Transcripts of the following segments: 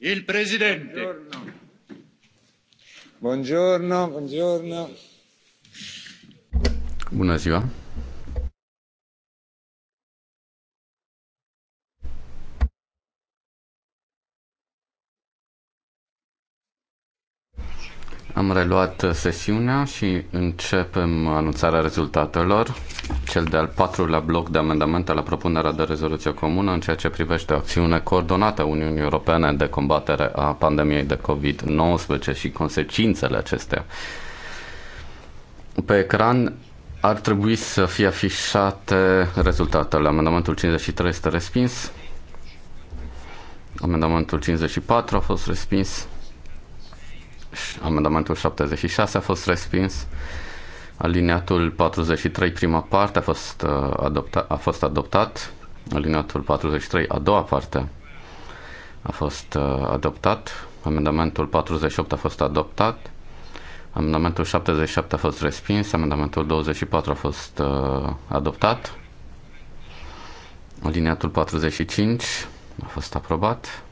Il presidente. Buongiorno. Buongiorno, buongiorno. Bună ziua. Am reluat uh, sesiunea și începem anunțarea rezultatelor. Cel de-al patrulea bloc de amendamente la propunerea de rezoluție comună în ceea ce privește acțiune coordonată Uniunii Europene de combatere a pandemiei de COVID-19 și consecințele acestea. Pe ecran ar trebui să fie afișate rezultatele. Amendamentul 53 este respins. Amendamentul 54 a fost respins amendamentul 76 a fost respins. Alineatul 43, prima parte, a fost, uh, adopta, a fost adoptat. Alineatul 43, a doua parte, a fost uh, adoptat. Amendamentul 48 a fost adoptat. Amendamentul 77 a fost respins. Amendamentul 24 a fost uh, adoptat. Alineatul 45 a fost aprobat.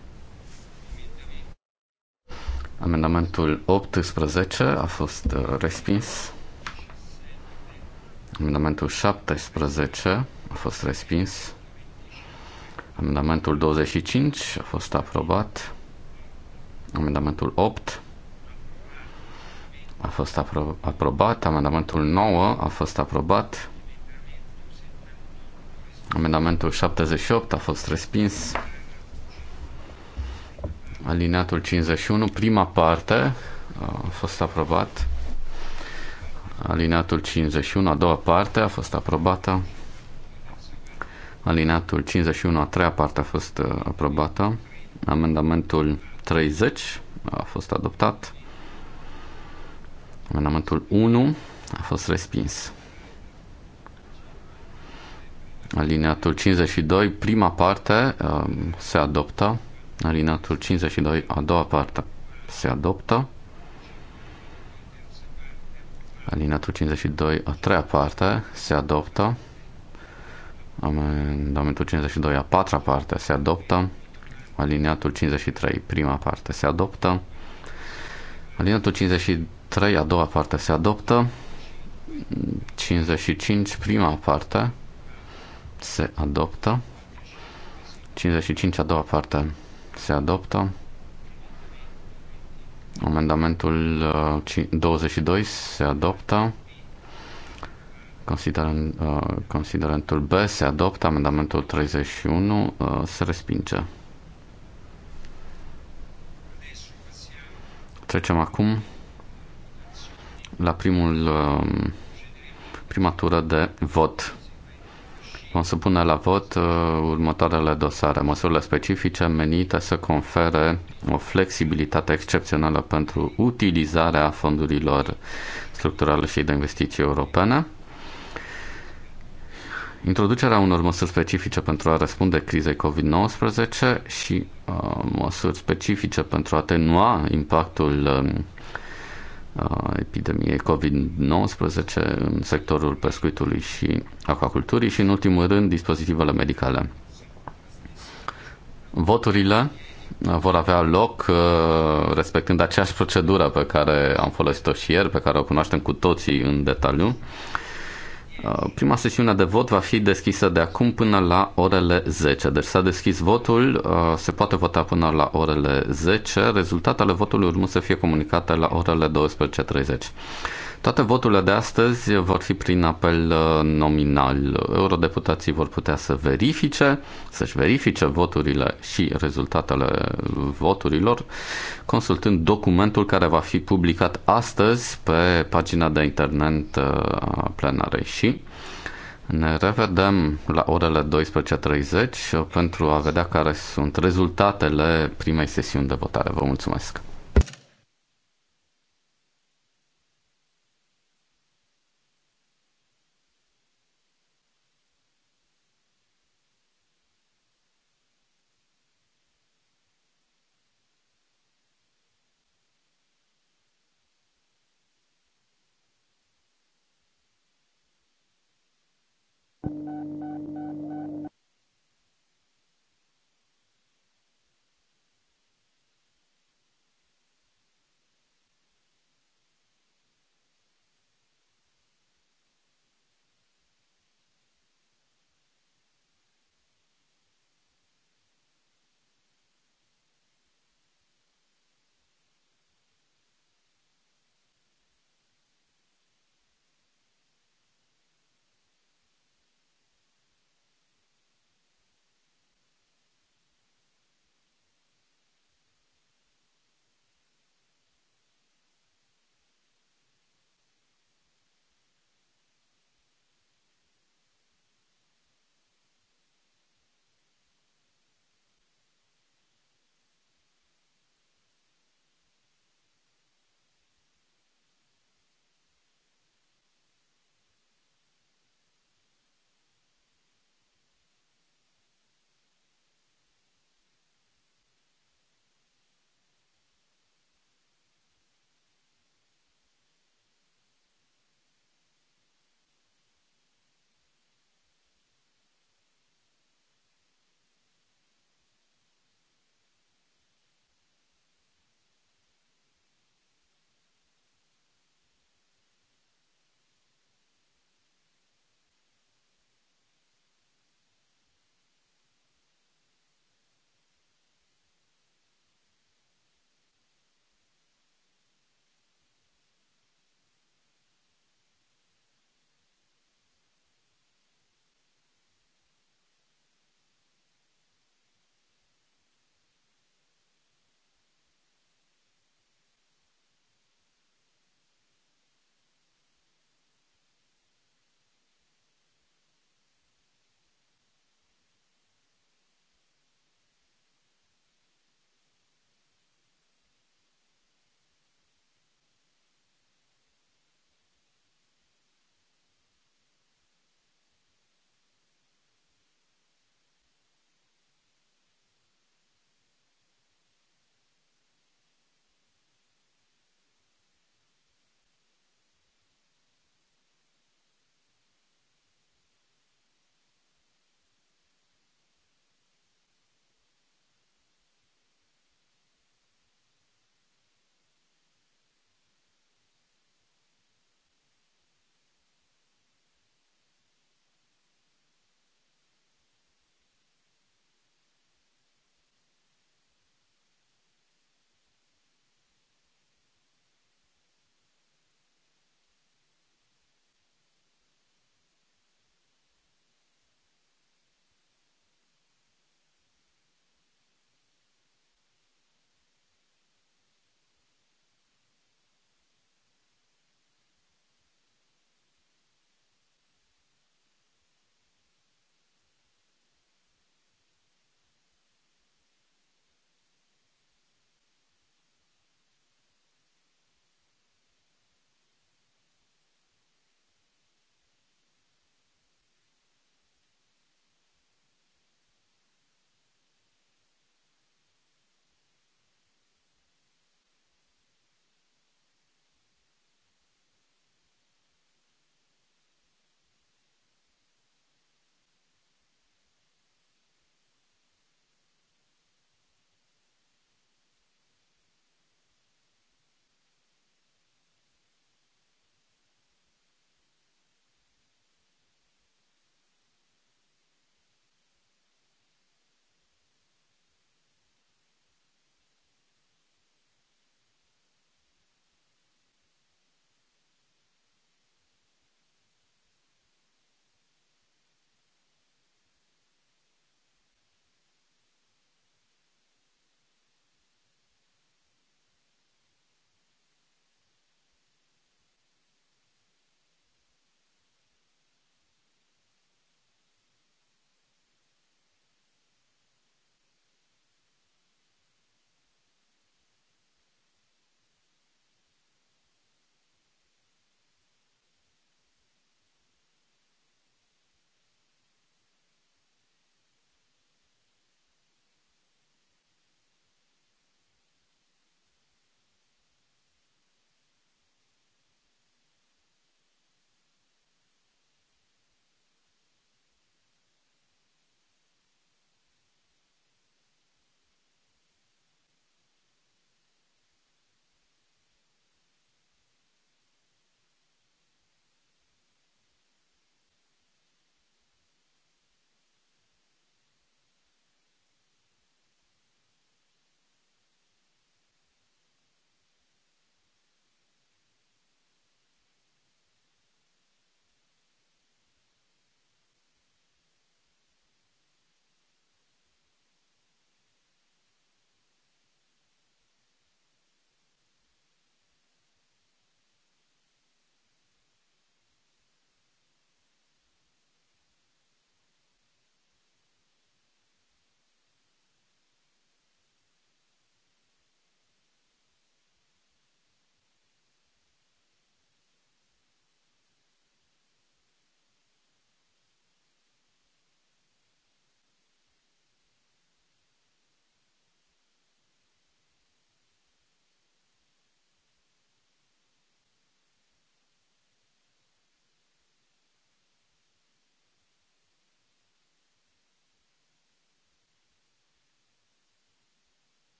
Amendamentul 18 uh, a fost respins. Amendamentul 17 a fost respins. Amendamentul 25 a fost aprobat. Amendamentul 8 a fost apro- aprobat. Amendamentul 9 a fost aprobat. Amendamentul 78 a fost respins alineatul 51, prima parte a fost aprobat. Alineatul 51, a doua parte a fost aprobată. Alineatul 51, a treia parte a fost uh, aprobată. Amendamentul 30 a fost adoptat. Amendamentul 1 a fost respins. Alineatul 52, prima parte uh, se adoptă. Alinatul 52, a doua parte, se adoptă. Alinatul 52, a treia parte, se adoptă. Amendamentul 52, a patra parte, se adoptă. Aliniatul 53, prima parte, se adoptă. Aliniatul 53, a doua parte, se adoptă. 55, prima parte, se adoptă. 55, a doua parte, se adoptă. Amendamentul 22 uh, se adoptă. Uh, considerentul B se adoptă. Amendamentul 31 uh, se respinge. Trecem acum la primul, prima tură de vot Vom să pune la vot uh, următoarele dosare, măsurile specifice menite să confere o flexibilitate excepțională pentru utilizarea fondurilor structurale și de investiții europene, introducerea unor măsuri specifice pentru a răspunde crizei COVID-19 și uh, măsuri specifice pentru a atenua impactul uh, epidemiei COVID-19 în sectorul pescuitului și acvaculturii și, în ultimul rând, dispozitivele medicale. Voturile vor avea loc respectând aceeași procedură pe care am folosit-o și ieri, pe care o cunoaștem cu toții în detaliu. Uh, prima sesiune de vot va fi deschisă de acum până la orele 10. Deci s-a deschis votul, uh, se poate vota până la orele 10. Rezultatele votului urmă să fie comunicate la orele 12.30. Toate voturile de astăzi vor fi prin apel uh, nominal. Eurodeputații vor putea să verifice, să-și verifice voturile și rezultatele voturilor, consultând documentul care va fi publicat astăzi pe pagina de internet uh, a plenarei și ne revedem la orele 12.30 uh, pentru a vedea care sunt rezultatele primei sesiuni de votare. Vă mulțumesc!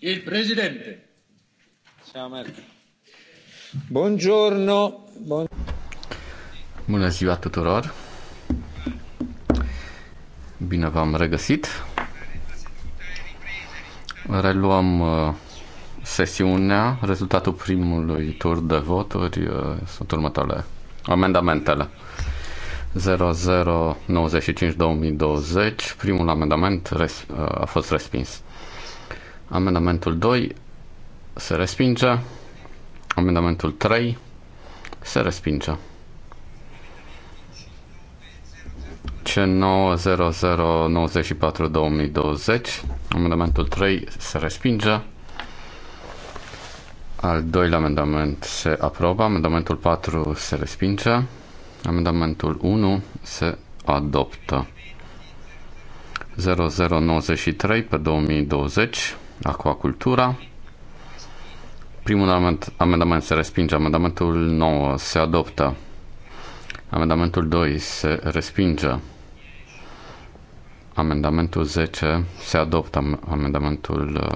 Il presidente. Ciao Marco. Buongiorno. Bun... Bună ziua tuturor. Bine v-am regăsit. Reluăm uh, sesiunea. Rezultatul primului tur de voturi uh, sunt următoarele. Amendamentele. 0095-2020. Primul amendament uh, a fost respins. Amendamentul 2 se respinge. Amendamentul 3 se respinge. C90094-2020 Amendamentul 3 se respinge. Al doilea amendament se aprobă. Amendamentul 4 se respinge. Amendamentul 1 se adoptă. 0093 pe 2020 aquacultura. Primul amendament, amendament se respinge, amendamentul 9 se adoptă, amendamentul 2 se respinge, amendamentul 10 uh, se adoptă, amendamentul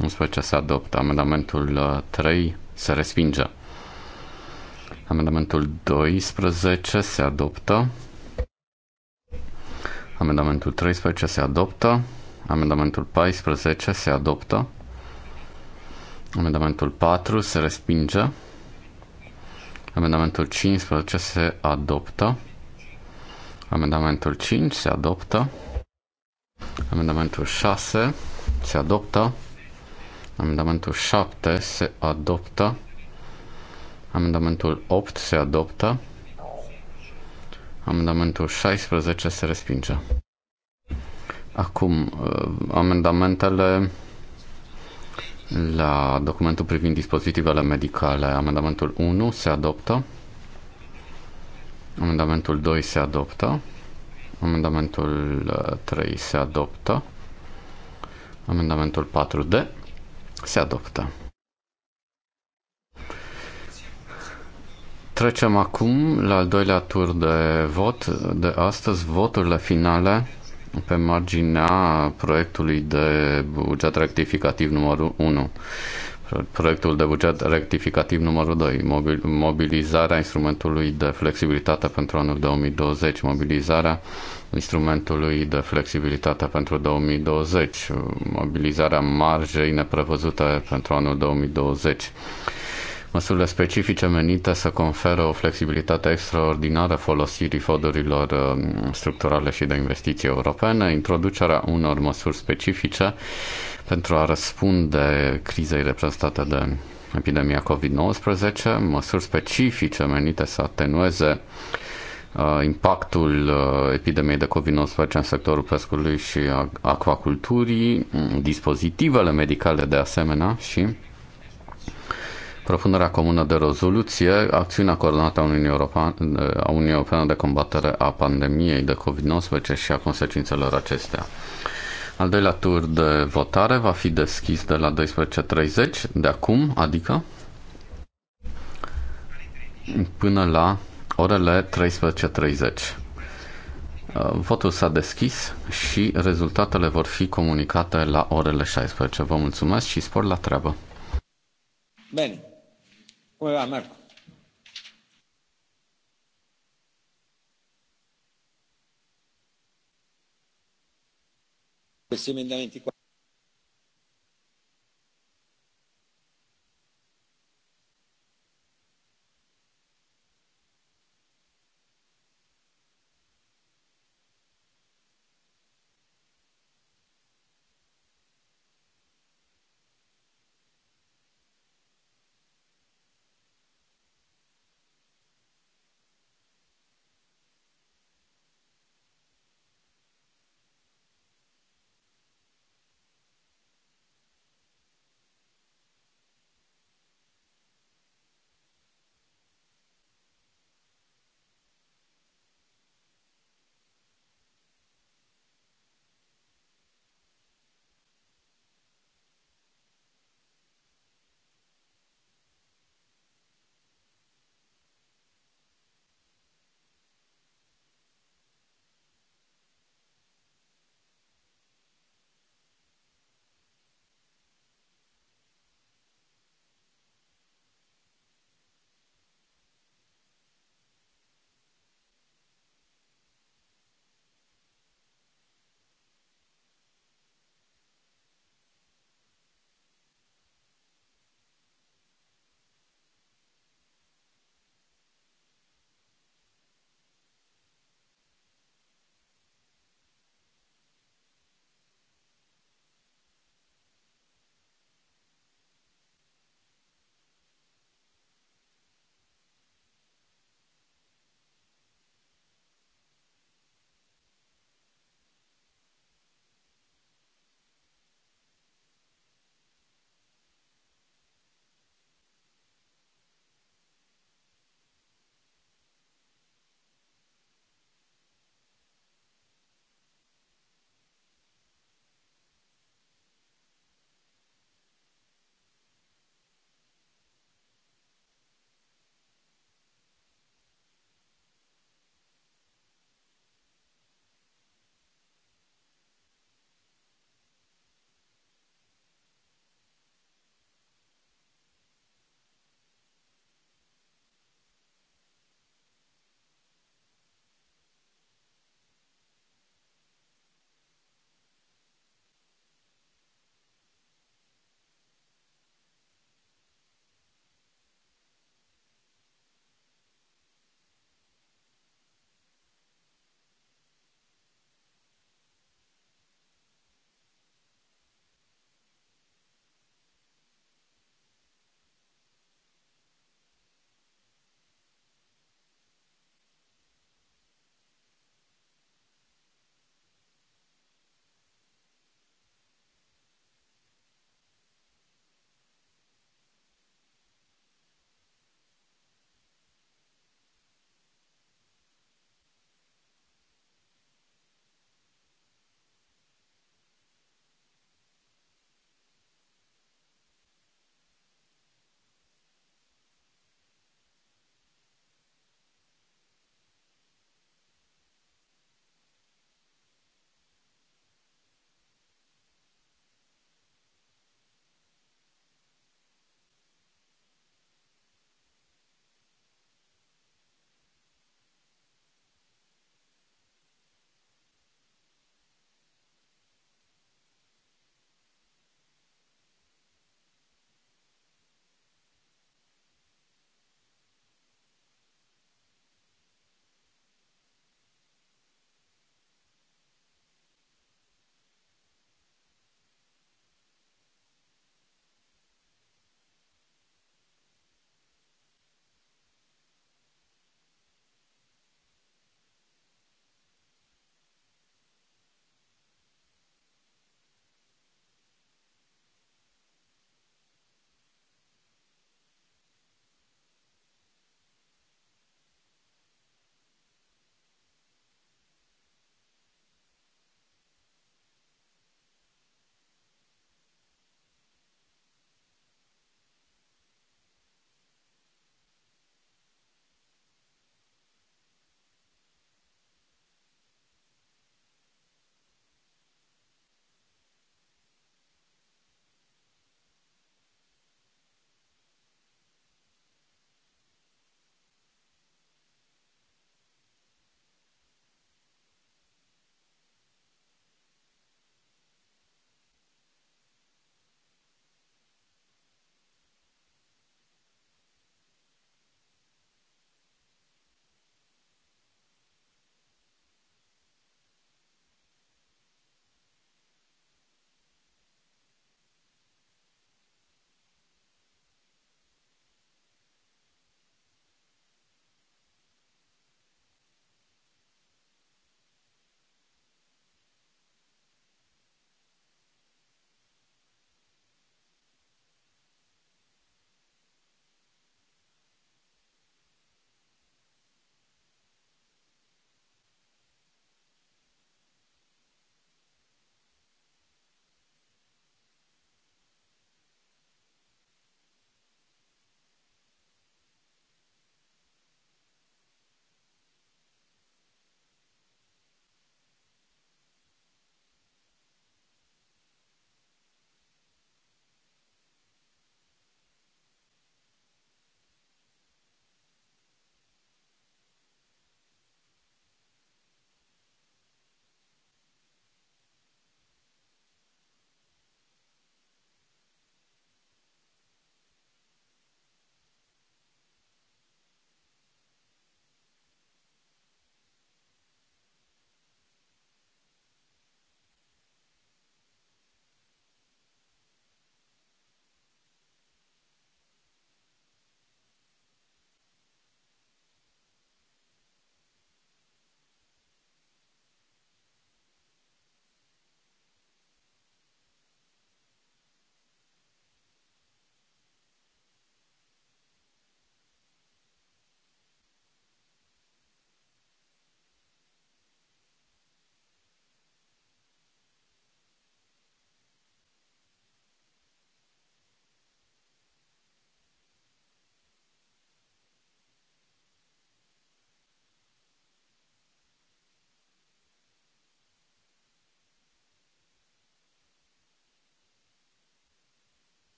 11 uh, se adoptă, amendamentul 3 se respinge. Amendamentul 12 se adoptă. Amendamentul 13 se adoptă. Amendamentul 14 se adoptă. Amendamentul 4 se respinge. Amendamentul 15 se adoptă. Amendamentul 5 se adoptă. Amendamentul 6 se adoptă. Amendamentul 7 se adoptă. Amendamentul 8 se adoptă. Amendamentul 16 se respinge. Acum, uh, amendamentele la documentul privind dispozitivele medicale, amendamentul 1 se adoptă, amendamentul 2 se adoptă, amendamentul 3 uh, se adoptă, amendamentul 4D se adoptă. Trecem acum la al doilea tur de vot de astăzi, voturile finale pe marginea proiectului de buget rectificativ numărul 1 proiectul de buget rectificativ numărul 2, mobilizarea instrumentului de flexibilitate pentru anul 2020, mobilizarea instrumentului de flexibilitate pentru 2020, mobilizarea marjei neprevăzute pentru anul 2020 măsurile specifice menite să conferă o flexibilitate extraordinară folosirii fondurilor um, structurale și de investiții europene, introducerea unor măsuri specifice pentru a răspunde crizei reprezentate de epidemia COVID-19, măsuri specifice menite să atenueze uh, impactul uh, epidemiei de COVID-19 în sectorul pescului și aquaculturii, um, dispozitivele medicale de asemenea și propunerea comună de rezoluție, acțiunea coordonată a Uniunii, European, a Uniunii Europene de combatere a pandemiei de COVID-19 și a consecințelor acestea. Al doilea tur de votare va fi deschis de la 12.30 de acum, adică până la orele 13.30. Votul s-a deschis și rezultatele vor fi comunicate la orele 16. Vă mulțumesc și spor la treabă! Bine. Cueva, păi, da, Marco. Questi emendamenti qua.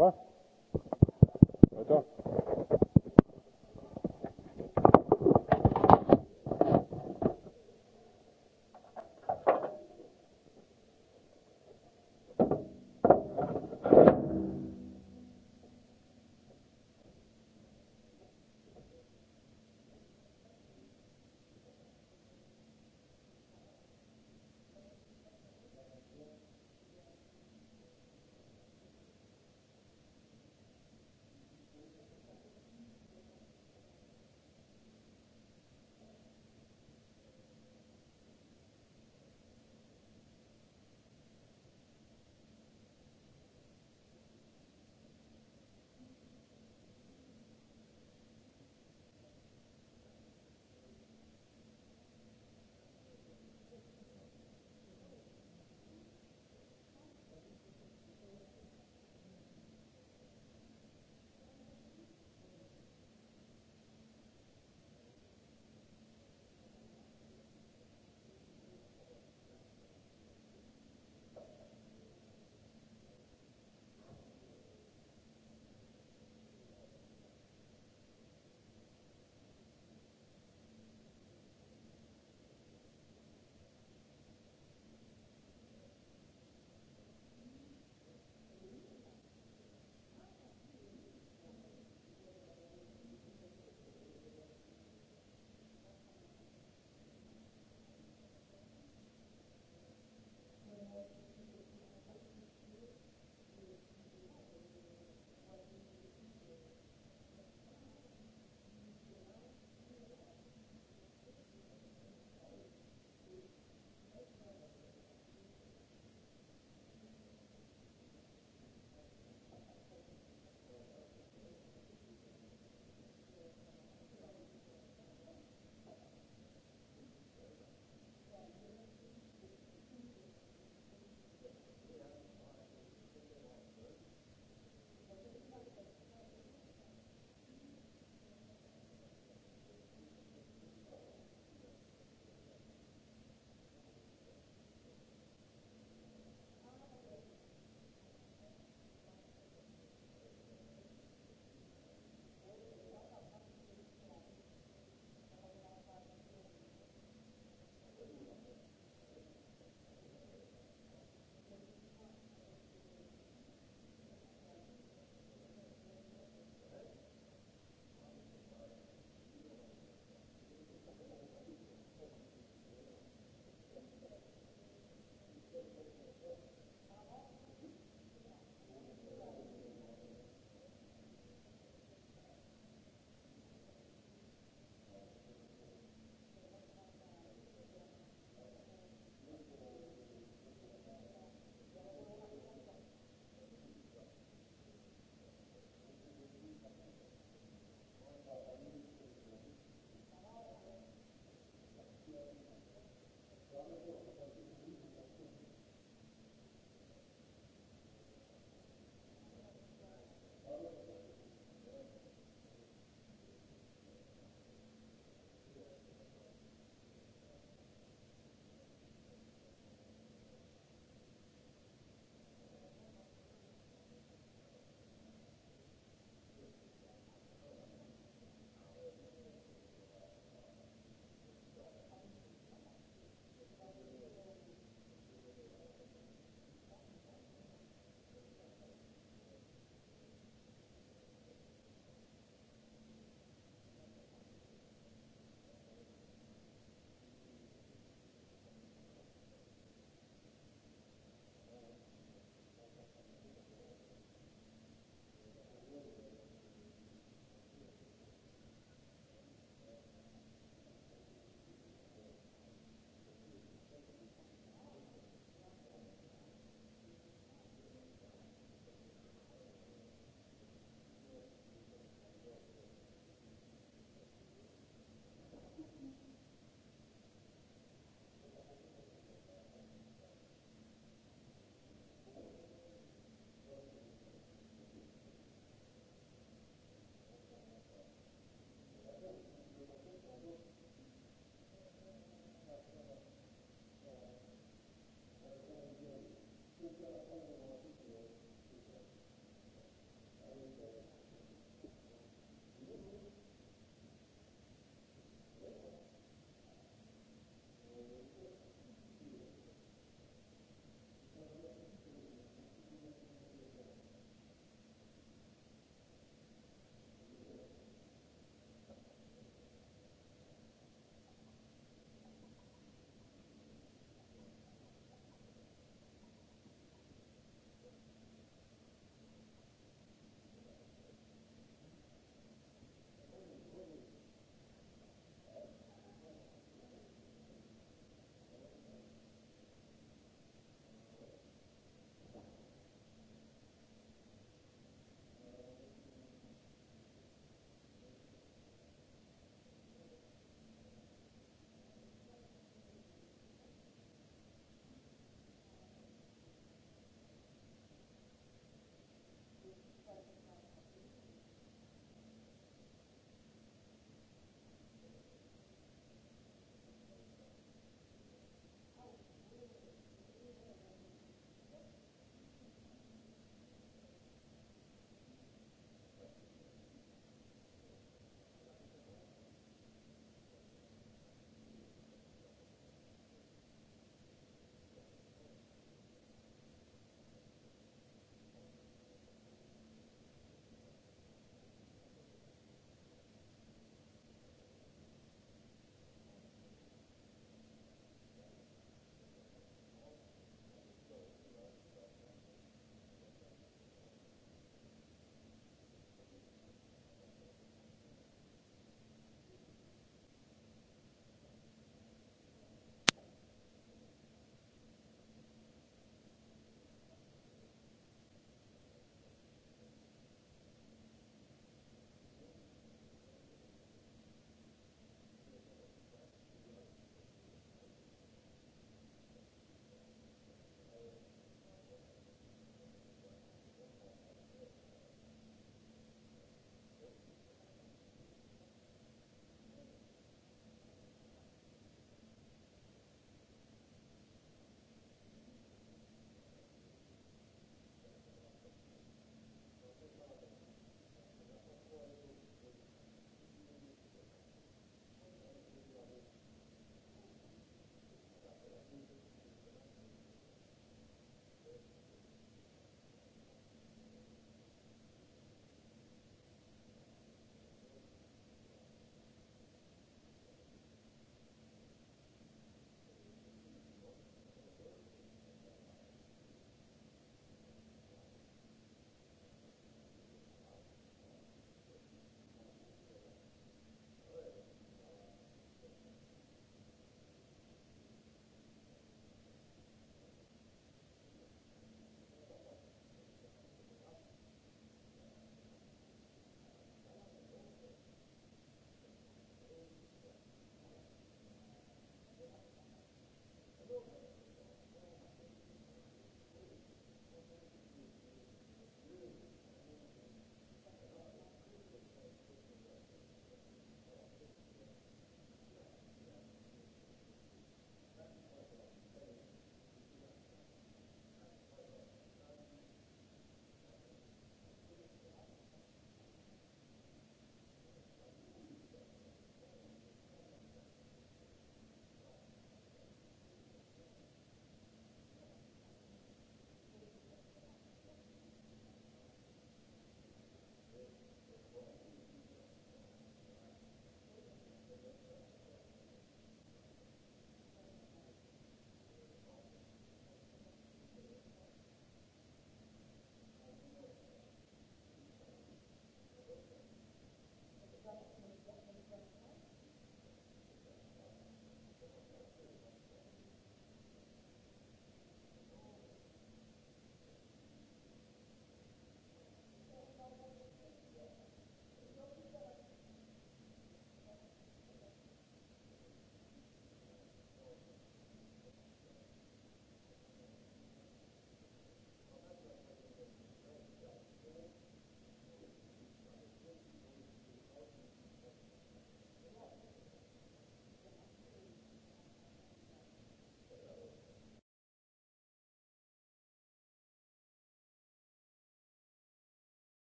va? Gata?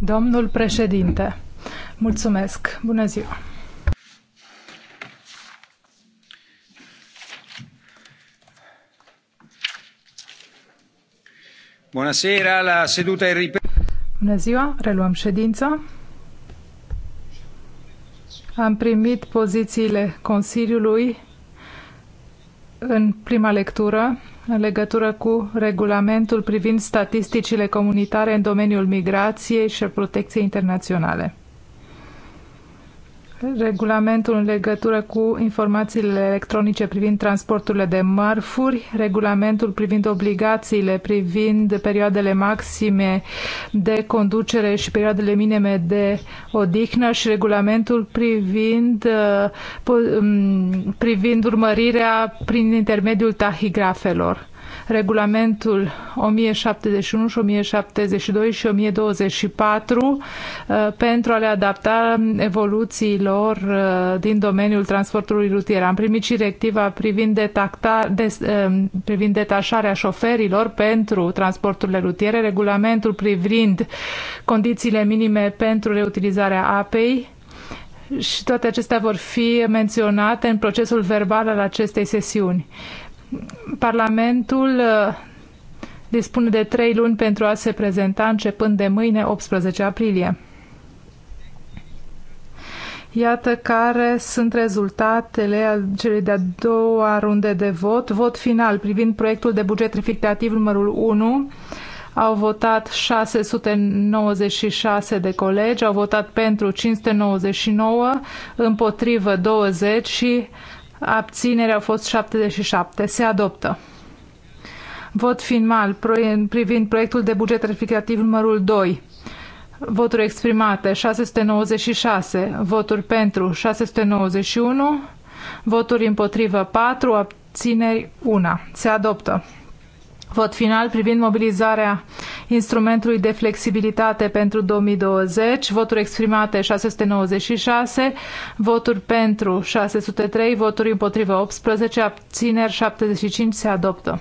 Domnul președinte, mulțumesc. Bună ziua. Bună seara, la seduta e ripet. Bună ziua, reluăm ședința. Am primit pozițiile Consiliului în prima lectură în legătură cu regulamentul privind statisticile comunitare în domeniul migrației și protecției internaționale regulamentul în legătură cu informațiile electronice privind transporturile de mărfuri, regulamentul privind obligațiile privind perioadele maxime de conducere și perioadele minime de odihnă și regulamentul privind, uh, mm, privind urmărirea prin intermediul tahigrafelor regulamentul 1071 și 1072 și 1024 uh, pentru a le adapta evoluțiilor uh, din domeniul transportului rutier. Am primit și directiva privind, detacta, des, uh, privind detașarea șoferilor pentru transporturile rutiere, regulamentul privind condițiile minime pentru reutilizarea apei, și toate acestea vor fi menționate în procesul verbal al acestei sesiuni. Parlamentul uh, dispune de trei luni pentru a se prezenta începând de mâine 18 aprilie. Iată care sunt rezultatele celei de-a doua runde de vot. Vot final privind proiectul de buget reflectativ numărul 1. Au votat 696 de colegi, au votat pentru 599, împotrivă 20 și abținere au fost 77, se adoptă. Vot final privind proiectul de buget rectificativ numărul 2. Voturi exprimate 696, voturi pentru 691, voturi împotrivă 4, abțineri 1. Se adoptă. Vot final privind mobilizarea instrumentului de flexibilitate pentru 2020, voturi exprimate 696, voturi pentru 603, voturi împotrivă 18, abțineri 75 se adoptă.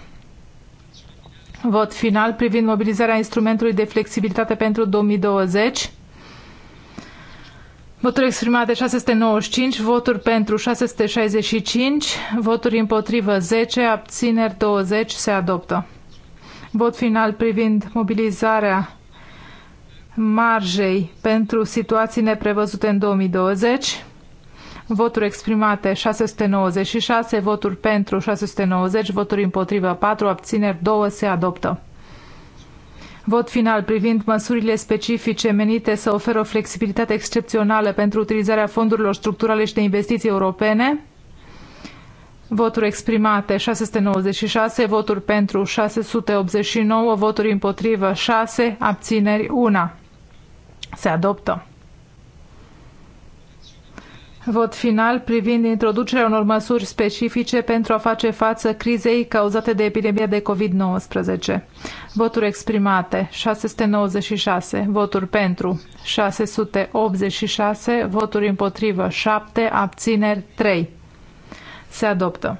Vot final privind mobilizarea instrumentului de flexibilitate pentru 2020. Voturi exprimate 695, voturi pentru 665, voturi împotrivă 10, abțineri 20 se adoptă vot final privind mobilizarea marjei pentru situații neprevăzute în 2020 voturi exprimate 696, voturi pentru 690, voturi împotrivă 4, abțineri 2, se adoptă. Vot final privind măsurile specifice menite să oferă o flexibilitate excepțională pentru utilizarea fondurilor structurale și de investiții europene voturi exprimate 696, voturi pentru 689, voturi împotrivă 6, abțineri 1. Se adoptă. Vot final privind introducerea unor măsuri specifice pentru a face față crizei cauzate de epidemia de COVID-19. Voturi exprimate 696, voturi pentru 686, voturi împotrivă 7, abțineri 3. Se adoptă.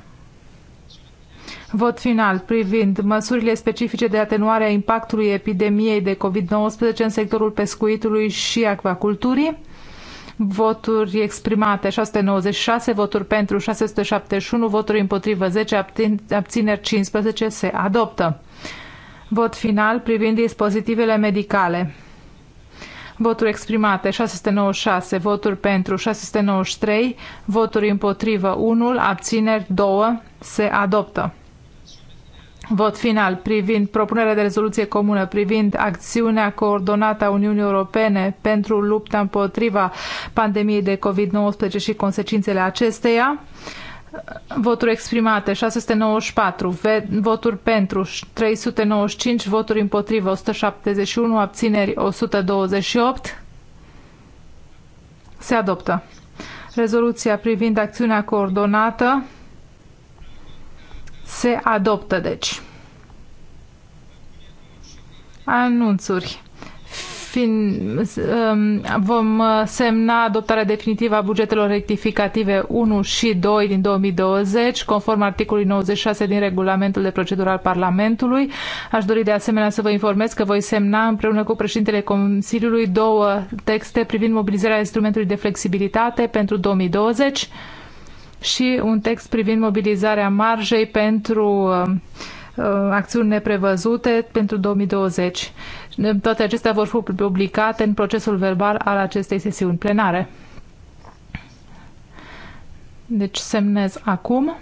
Vot final privind măsurile specifice de atenuare a impactului epidemiei de COVID-19 în sectorul pescuitului și acvaculturii. Voturi exprimate 696, voturi pentru 671, voturi împotrivă 10, abțineri 15 se adoptă. Vot final privind dispozitivele medicale. Voturi exprimate 696, voturi pentru 693, voturi împotrivă 1, abțineri 2, se adoptă. Vot final privind propunerea de rezoluție comună privind acțiunea coordonată a Uniunii Europene pentru lupta împotriva pandemiei de COVID-19 și consecințele acesteia voturi exprimate 694, voturi pentru 395, voturi împotrivă 171, abțineri 128. Se adoptă. Rezoluția privind acțiunea coordonată se adoptă, deci. Anunțuri fin, um, vom uh, semna adoptarea definitivă a bugetelor rectificative 1 și 2 din 2020, conform articolului 96 din regulamentul de procedură al Parlamentului. Aș dori de asemenea să vă informez că voi semna împreună cu președintele Consiliului două texte privind mobilizarea instrumentului de flexibilitate pentru 2020 și un text privind mobilizarea marjei pentru um, uh, acțiuni neprevăzute pentru 2020. Toate acestea vor fi publicate în procesul verbal al acestei sesiuni plenare. Deci semnez acum.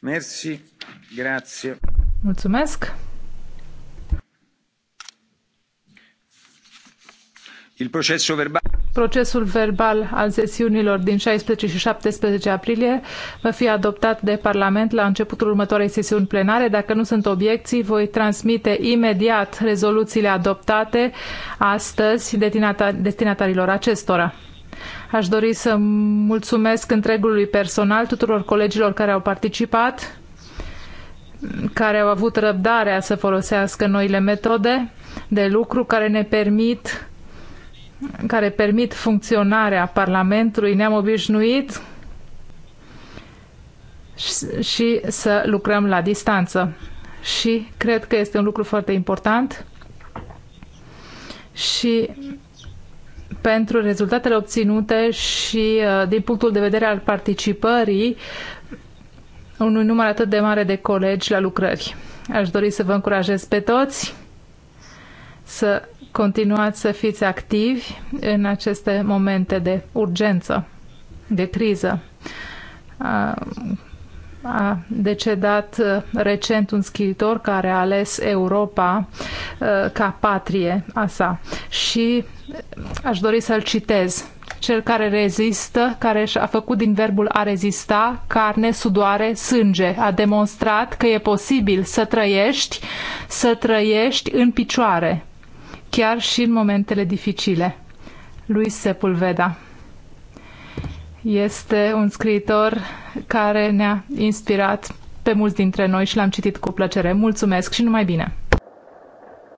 Mersi, grazie. Mulțumesc. Procesul verbal al sesiunilor din 16 și 17 aprilie va fi adoptat de Parlament la începutul următoarei sesiuni plenare. Dacă nu sunt obiecții, voi transmite imediat rezoluțiile adoptate astăzi destinatarilor acestora. Aș dori să mulțumesc întregului personal, tuturor colegilor care au participat, care au avut răbdarea să folosească noile metode de lucru care ne permit care permit funcționarea Parlamentului ne-am obișnuit și să lucrăm la distanță. Și cred că este un lucru foarte important și pentru rezultatele obținute și uh, din punctul de vedere al participării unui număr atât de mare de colegi la lucrări. Aș dori să vă încurajez pe toți să continuați să fiți activi în aceste momente de urgență, de criză. A, a decedat uh, recent un scriitor care a ales Europa uh, ca patrie a sa și uh, aș dori să-l citez. Cel care rezistă, care a făcut din verbul a rezista carne, sudoare, sânge, a demonstrat că e posibil să trăiești, să trăiești în picioare chiar și în momentele dificile. Luis Sepulveda este un scriitor care ne-a inspirat pe mulți dintre noi și l-am citit cu plăcere. Mulțumesc și numai bine!